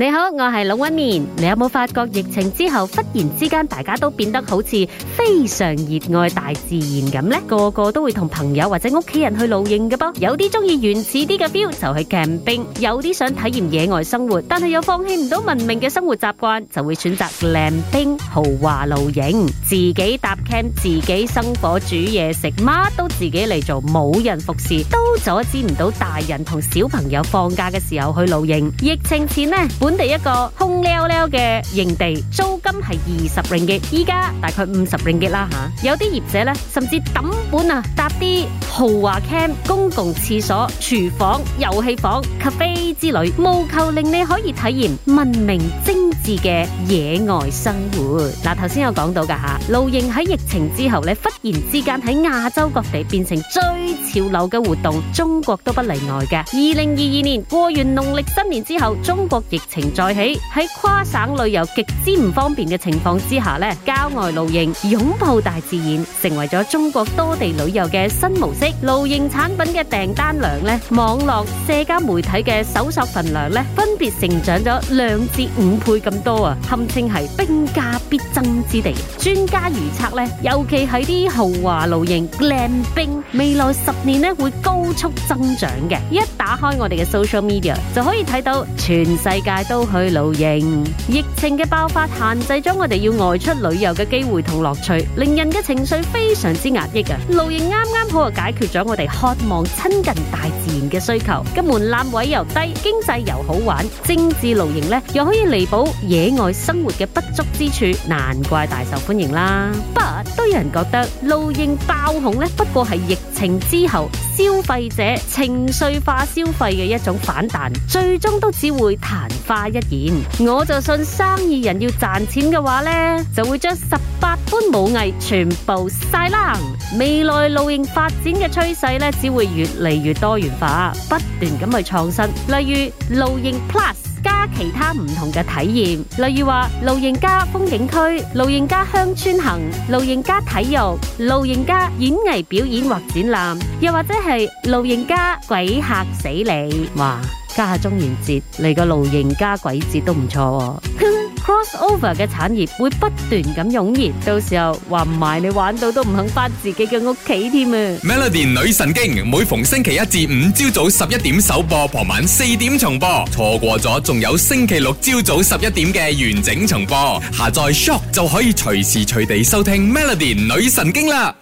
你好，我係龍紋敏。你有冇發覺疫情之後忽然之間大家都變得好似非常熱愛大自然咁呢？個個都會同朋友或者屋企人去露營嘅噃。有啲中意原始啲嘅 feel 就去 camping，有啲想體驗野外生活，但係又放棄唔到文明嘅生活習慣，就會選擇 glamping 豪華露營，自己搭 camp，自己生火煮嘢食，乜都自己嚟做，冇人服侍，都阻止唔到大人同小朋友放假嘅時候去露營。疫情前呢。本地一個空溜溜嘅營地租金係二十令吉，依家大概五十令吉啦吓。有啲業者咧，甚至抌本啊搭啲豪華 camp、公共廁所、廚房、遊戲房、cafe 之類，務求令你可以體驗文明精緻嘅野外生活。嗱，頭先有講到噶吓，露營喺疫情之後咧，忽然之間喺亞洲各地變成最潮流嘅活動，中國都不例外嘅。二零二二年過完農曆新年之後，中國疫情。停再起喺跨省旅遊極之唔方便嘅情況之下咧，郊外露營擁抱大自然成為咗中國多地旅遊嘅新模式。露營產品嘅訂單量咧，網絡社交媒體嘅搜索份量咧，分別成長咗兩至五倍咁多啊，堪稱係兵家必爭之地。專家預測咧，尤其係啲豪華露營 glamping, 未來十年咧會高速增長嘅。一打開我哋嘅 social media 就可以睇到全世界。都去露營，疫情嘅爆發限制咗我哋要外出旅遊嘅機會同樂趣，令人嘅情緒非常之壓抑啊！露營啱啱好啊，解決咗我哋渴望親近大自然嘅需求，咁門檻位又低，經濟又好玩，精緻露營呢又可以彌補野外生活嘅不足之處，難怪大受歡迎啦。不過都有人覺得露營爆紅呢，不過係疫情之後。消費者情緒化消費嘅一種反彈，最終都只會曇花一現。我就信生意人要賺錢嘅話呢，就會將十八般武藝全部晒啦。未來露營發展嘅趨勢呢，只會越嚟越多元化，不斷咁去創新，例如露營 Plus。加其他唔同嘅體驗，例如話露營加風景區、露營加鄉村行、露營加體育、露營加演藝表演或展覽，又或者係露營加鬼嚇死你。哇！家下中元節嚟個露營加鬼節都唔錯啊！Crossover 嘅產業會不斷咁湧現，到時候話唔埋你玩到都唔肯翻自己嘅屋企添啊！Melody 女神經每逢星期一至五朝早十一點首播，傍晚四點重播，錯過咗仲有星期六朝早十一點嘅完整重播，下載 Shock 就可以隨時隨地收聽 Melody 女神經啦！